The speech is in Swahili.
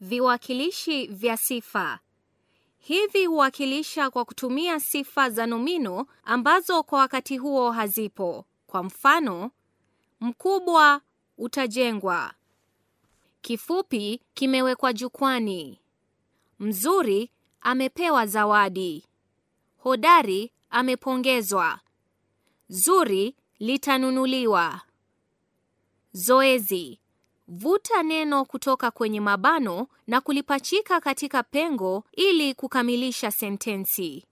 Viwakilishi vya sifa hivi huwakilisha kwa kutumia sifa za nomino ambazo kwa wakati huo hazipo. Kwa mfano, mkubwa utajengwa, kifupi kimewekwa jukwani, mzuri amepewa zawadi, hodari amepongezwa, zuri litanunuliwa. Zoezi: Vuta neno kutoka kwenye mabano na kulipachika katika pengo ili kukamilisha sentensi.